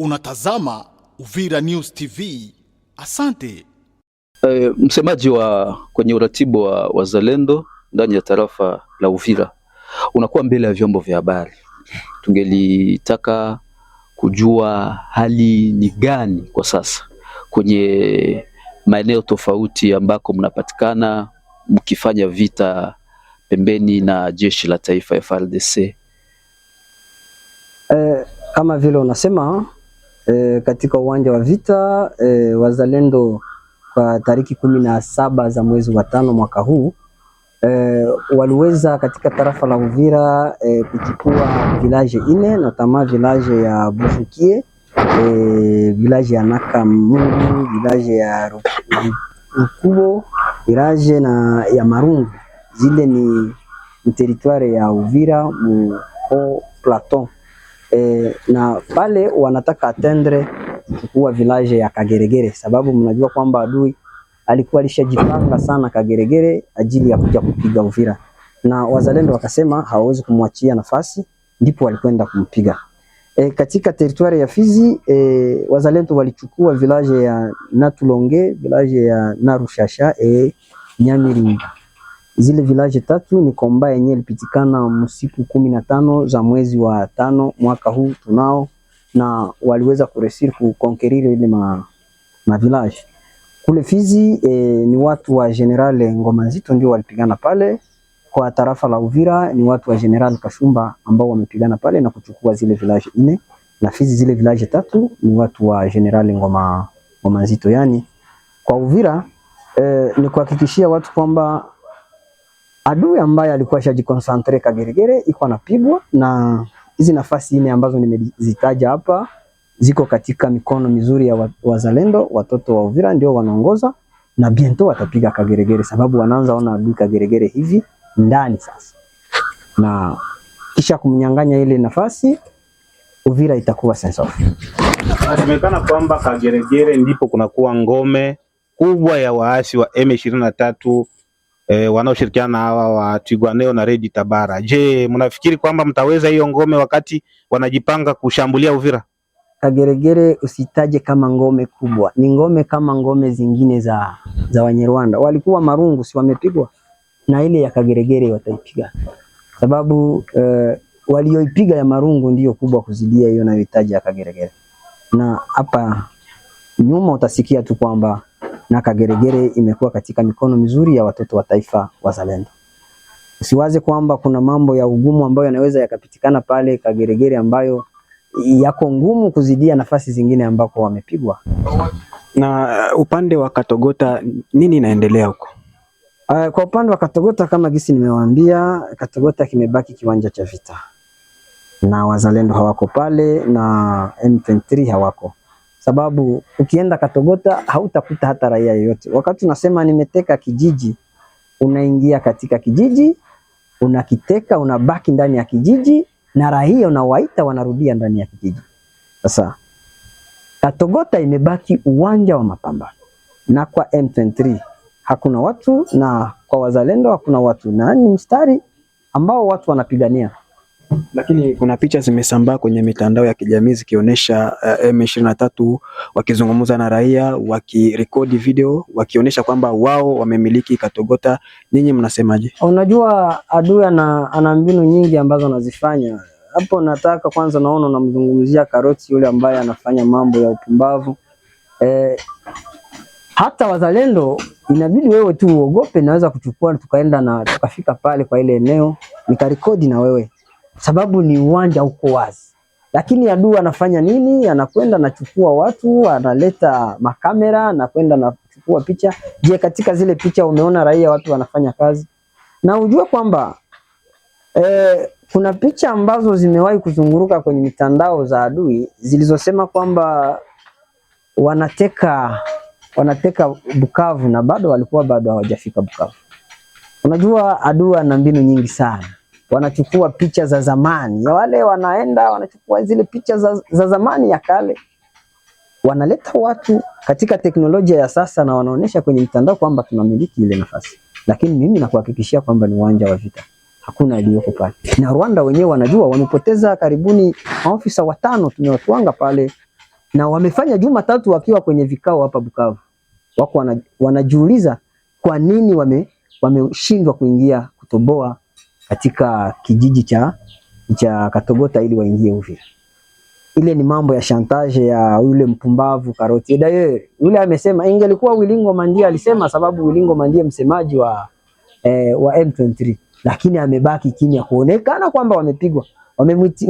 Unatazama Uvira News TV. Asante. E, msemaji wa kwenye uratibu wa wazalendo ndani ya tarafa la Uvira unakuwa mbele ya vyombo vya habari, tungelitaka kujua hali ni gani kwa sasa kwenye maeneo tofauti ambako mnapatikana mkifanya vita pembeni na jeshi la taifa FARDC. Eh, kama vile unasema e, katika uwanja wa vita e, wazalendo kwa tariki kumi na saba za mwezi wa tano mwaka huu e, waliweza katika tarafa la Uvira e, kuchukua vilaje ine notama vilaje ya Bufukie e, vilaje ya Nakamuru vilaje ya Rukubo vilaje na ya Marungu zile ni, teritwari ya Uvira mu Haut e, na pale wanataka atendre kuwa village ya Kageregere, sababu mnajua kwamba adui alikuwa alishajipanga sana Kageregere ajili ya kuja kupiga Uvira, na wazalendo wakasema hawawezi kumwachia nafasi, ndipo walikwenda kumpiga. E, katika teritwari ya Fizi e, wazalendo walichukua village ya Natulonge, village ya Narushasha e, Nyamiringa Zile village tatu ni komba yenye ilipitikana msiku kumi na tano za mwezi wa tano mwaka huu tunao, na waliweza kuresir kukonkerire ile ma, ma village kule Fizi. e, ni watu wa General Ngoma Nzito ndio walipigana pale. Kwa tarafa la Uvira ni watu wa General Kashumba ambao wamepigana pale na kuchukua zile village nne, na Fizi zile village tatu ni watu wa General Ngoma Ngoma Nzito. Yani kwa Uvira e, ni kuhakikishia watu kwamba adui ambaye alikuwa shajikonsantre Kageregere iko anapigwa, na hizi nafasi nne ambazo nimezitaja hapa ziko katika mikono mizuri ya wazalendo. Watoto wa Uvira ndio wanaongoza na biento watapiga Kageregere, sababu wanaanza ona adui Kageregere hivi ndani sasa, na kisha kumnyang'anya ile nafasi Uvira itakuwa sense of. Inasemekana kwamba Kageregere ndipo kunakuwa ngome kubwa ya waasi wa M23 e, wanaoshirikiana na hawa wa Tigwaneo na redi Tabara. Je, mnafikiri kwamba mtaweza hiyo ngome wakati wanajipanga kushambulia Uvira? Kageregere usitaje kama ngome kubwa, ni ngome kama ngome zingine za, za Wanyarwanda. Walikuwa marungu si wamepigwa na ile ya Kageregere wataipiga, sababu uh, walioipiga ya marungu ndiyo kubwa kuzidia hiyo nayohitaji ya Kageregere. Na hapa nyuma utasikia tu kwamba na Kageregere imekuwa katika mikono mizuri ya watoto wa taifa wazalendo. Usiwaze kwamba kuna mambo ya ugumu ambayo yanaweza yakapitikana pale Kageregere ambayo yako ngumu kuzidia nafasi zingine ambako wamepigwa. Na uh, upande wa Katogota nini inaendelea huko? Uh, kwa upande wa Katogota kama gisi nimewaambia, Katogota kimebaki kiwanja cha vita na wazalendo hawako pale na M23 hawako sababu ukienda Katogota hautakuta hata raia yoyote. Wakati unasema nimeteka kijiji, unaingia katika kijiji unakiteka, unabaki ndani ya kijiji na raia unawaita, wanarudia ndani ya kijiji. Sasa Katogota imebaki uwanja wa mapambano, na kwa M23 hakuna watu na kwa wazalendo hakuna watu, na ni mstari ambao watu wanapigania. Lakini kuna picha zimesambaa kwenye mitandao ya kijamii zikionyesha eh, M23 wakizungumza na raia, wakirekodi video, wakionyesha kwamba wao wamemiliki Katogota. Ninyi mnasemaje? Unajua, adui ana mbinu nyingi ambazo anazifanya hapo. Nataka kwanza, naona namzungumzia Karoti yule ambaye anafanya mambo ya upumbavu eh, hata wazalendo inabidi wewe tu uogope, naweza kuchukua tukaenda na tukafika pale kwa ile eneo nikarekodi na wewe sababu ni uwanja uko wazi. Lakini adui anafanya nini? Anakwenda anachukua watu, analeta makamera, anakwenda anachukua picha. Je, katika zile picha umeona raia watu wanafanya kazi? Na ujue kwamba e, kuna picha ambazo zimewahi kuzunguruka kwenye mitandao za adui zilizosema kwamba wanateka wanateka Bukavu na bado walikuwa bado hawajafika Bukavu. Unajua adui ana mbinu nyingi sana wanachukua picha za zamani wale, wanaenda wanachukua zile picha za, za zamani ya kale, wanaleta watu katika teknolojia ya sasa na wanaonyesha kwenye mtandao kwamba tunamiliki ile nafasi, lakini mimi nakuhakikishia kwamba ni uwanja wa vita, hakuna iliyoko pale. Na Rwanda wenyewe wanajua, wamepoteza karibuni maofisa watano tumewatuanga pale, na wamefanya juma tatu wakiwa kwenye vikao hapa Bukavu, wako wanajiuliza kwa nini wameshindwa wame kuingia kutoboa katika kijiji cha, cha Katogota ili waingie Uvira. Ile ni mambo ya shantage ya yule mpumbavu Karoti Dayer. Yule amesema ingelikuwa Wilingo Mandia alisema, sababu Wilingo Mandia msemaji wa eh, wa M23, lakini amebaki kimya kuonekana kwamba wamepigwa.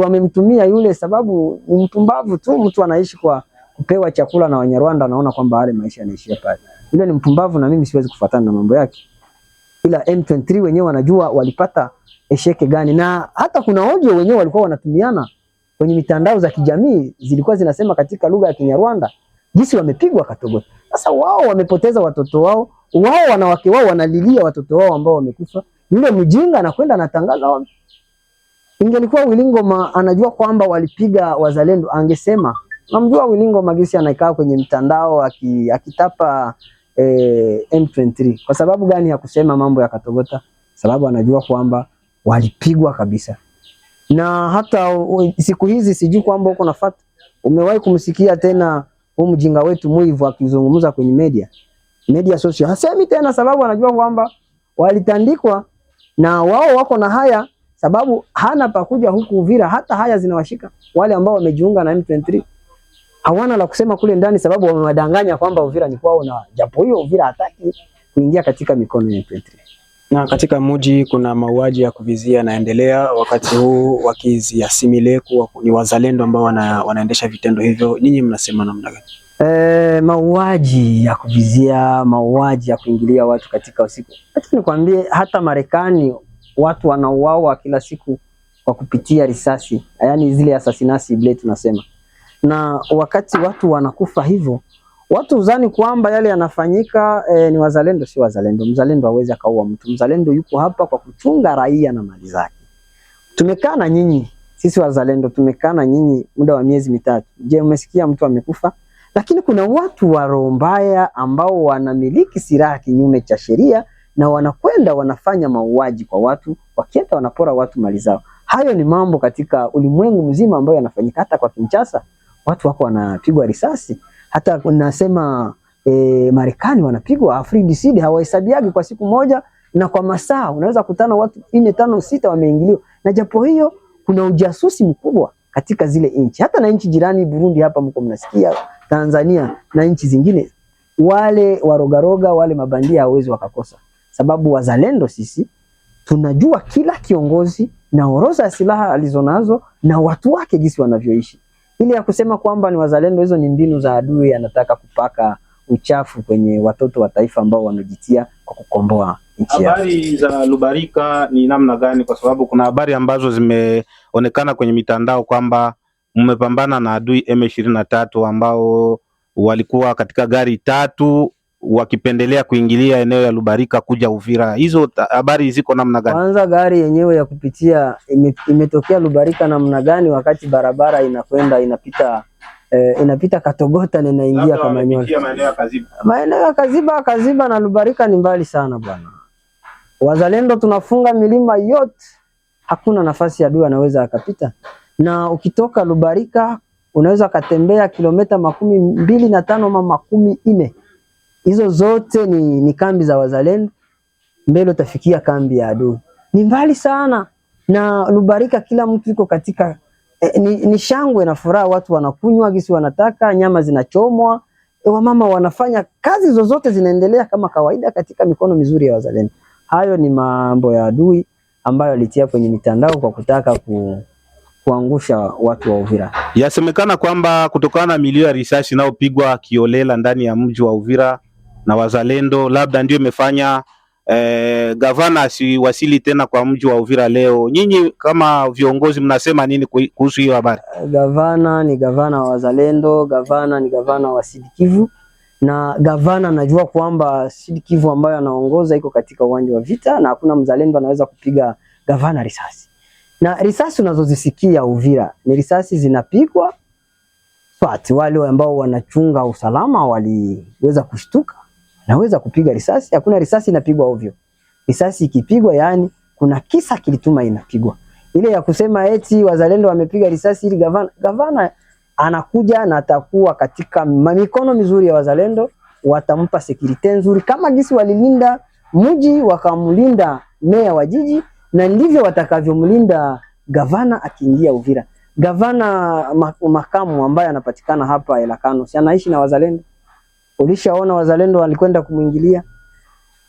Wamemtumia yule sababu ni mpumbavu tu, mtu anaishi kwa kupewa chakula na Wanyarwanda, anaona kwamba wale maisha yanaishia pale. Yule ni mpumbavu na mimi siwezi kufuatana na mambo yake. Ila M23 wenyewe wanajua walipata esheke gani? Na hata kuna hojo wenyewe walikuwa wanatumiana kwenye mitandao za kijamii zilikuwa zinasema katika lugha ya Kinyarwanda jinsi wamepigwa Katogota. Sasa wao wamepoteza watoto wao, wao wanawake wao wanalilia watoto wao ambao wamekufa, yule mjinga anakwenda anatangaza wao. Ingelikuwa Wilingoma anajua kwamba walipiga wazalendo, angesema namjua Wilingoma gisi anaikaa kwenye mtandao akitapa eh, M23. Kwa sababu gani ya kusema mambo ya Katogota? Sababu anajua kwamba walipigwa kabisa. Na hata siku hizi sijui kwamba huko nafuata, umewahi kumsikia tena huyu mjinga wetu mwivu akizungumza kwenye media media social? Hasemi tena sababu anajua kwamba walitandikwa na wao wako na haya, sababu hana pakuja huku Uvira. Hata haya zinawashika wale ambao wamejiunga na M23 hawana la kusema kule ndani, sababu wamewadanganya kwamba Uvira ni kwao, na japo hiyo Uvira hataki kuingia katika mikono ya M23. Na katika muji kuna mauaji ya kuvizia yanaendelea wakati huu, wakiziasimile kuwa ni wazalendo ambao wana, wanaendesha vitendo hivyo. Ninyi mnasema namna gani? E, mauaji ya kuvizia, mauaji ya kuingilia watu katika usiku. Lakini nikwambie, hata Marekani watu wanauawa kila siku kwa kupitia risasi, yaani zile assassination blade tunasema, na wakati watu wanakufa hivyo Watu uzani kwamba yale yanafanyika e, ni wazalendo si wazalendo. Mzalendo hawezi akaua mtu. Mzalendo yuko hapa kwa kuchunga raia na mali zake. Tumekaa na nyinyi sisi wazalendo, tumekaa na nyinyi muda wa miezi mitatu. Je, umesikia mtu amekufa? Lakini kuna watu wa roho mbaya ambao wanamiliki silaha kinyume cha sheria na wanakwenda wanafanya mauaji kwa watu, wakienda wanapora watu mali zao. Hayo ni mambo katika ulimwengu mzima ambayo yanafanyika. Hata kwa Kinshasa watu wako wanapigwa risasi hata nasema e, Marekani wanapigwa AfriDC hawahesabiagi kwa siku moja na kwa masaa, unaweza kutana watu nne tano sita wameingiliwa, na japo hiyo kuna ujasusi mkubwa katika zile nchi, hata na nchi jirani Burundi hapa mko mnasikia, Tanzania na nchi zingine, wale warogaroga wale mabandia hawezi wakakosa, sababu wazalendo sisi tunajua kila kiongozi na orodha ya silaha alizonazo na watu wake jinsi wanavyoishi. Ile ya kusema kwamba ni wazalendo, hizo ni mbinu za adui, anataka kupaka uchafu kwenye watoto wa taifa ambao wamejitia kwa kukomboa nchi yao. Habari za Lubarika ni namna gani? Kwa sababu kuna habari ambazo zimeonekana kwenye mitandao kwamba mmepambana na adui M ishirini na tatu ambao walikuwa katika gari tatu wakipendelea kuingilia eneo ya Lubarika kuja Uvira. Hizo habari ziko namna gani? Kwanza gari yenyewe ya kupitia imetokea Lubarika namna gani, wakati barabara inakwenda inapita eh, inapita Katogota na inaingia Kamanyola, maeneo ya Kaziba. Kaziba na Lubarika ni mbali sana bwana. Wazalendo tunafunga milima yote, hakuna nafasi ya adui anaweza akapita, na ukitoka Lubarika unaweza katembea kilomita makumi mbili na tano ama makumi nne hizo zote ni, ni kambi za wazalendo. Mbele utafikia kambi ya adui, ni mbali sana na Lubarika, kila mtu yuko katika e, ni, ni shangwe na furaha, watu wanakunywa gisi wanataka, nyama zinachomwa e, wamama wanafanya kazi, zozote zinaendelea kama kawaida katika mikono mizuri ya wazalendo. Hayo ni mambo ya adui ambayo alitia kwenye mitandao kwa kutaka ku, kuangusha watu wa Uvira. Yasemekana kwamba kutokana na milio ya risasi inayopigwa kiolela ndani ya mji wa Uvira na wazalendo, labda ndio imefanya eh, gavana asiwasili tena kwa mji wa Uvira leo. Nyinyi kama viongozi mnasema nini kuhusu hiyo habari? Gavana ni gavana wa wazalendo, gavana ni gavana wa Sidikivu na gavana anajua kwamba Sidikivu ambayo anaongoza iko katika uwanja wa vita na hakuna mzalendo anaweza kupiga gavana risasi. Na risasi unazozisikia Uvira ni risasi zinapigwa Swati. Wale ambao wanachunga usalama waliweza kushtuka naweza kupiga risasi. Hakuna risasi inapigwa ovyo. Risasi ikipigwa, yani kuna kisa kilituma inapigwa. Ile ya kusema eti wazalendo wamepiga risasi ili gavana, gavana anakuja na atakuwa katika mikono mizuri ya wazalendo, watampa sekurite nzuri kama gisi walilinda mji wakamlinda meya wa jiji, na ndivyo watakavyomlinda gavana akiingia Uvira. Gavana makamu ambaye anapatikana hapa Elakano, si anaishi na wazalendo? Ulishaona wazalendo walikwenda kumwingilia,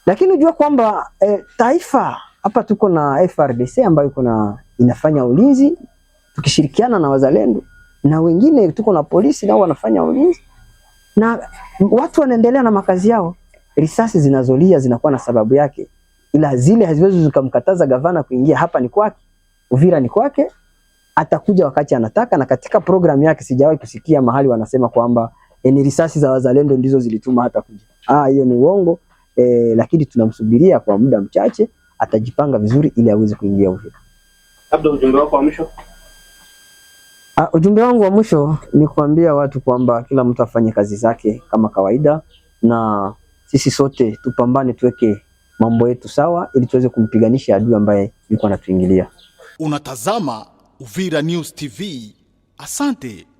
lakini ujua kwamba e, taifa hapa tuko na FRDC ambayo kuna inafanya ulinzi tukishirikiana na wazalendo na wengine, tuko na polisi nao wanafanya ulinzi, na watu wanaendelea na makazi yao. Risasi zinazolia zinakuwa na sababu yake, ila zile haziwezi zikamkataza gavana kuingia. Hapa ni kwake, Uvira ni kwake, atakuja wakati anataka. Na katika programu yake sijawahi kusikia mahali wanasema kwamba e, ni yaani risasi za wazalendo ndizo zilituma hata kuja. Ah, hiyo ni uongo e, lakini tunamsubiria kwa muda mchache, atajipanga vizuri ili aweze kuingia Uvira. Labda ujumbe wako wa mwisho? Ah, ujumbe wangu wa mwisho ni kuambia watu kwamba kila mtu afanye kazi zake kama kawaida, na sisi sote tupambane, tuweke mambo yetu sawa, ili tuweze kumpiganisha adui ambaye yuko anatuingilia. Unatazama Uvira News TV. Asante.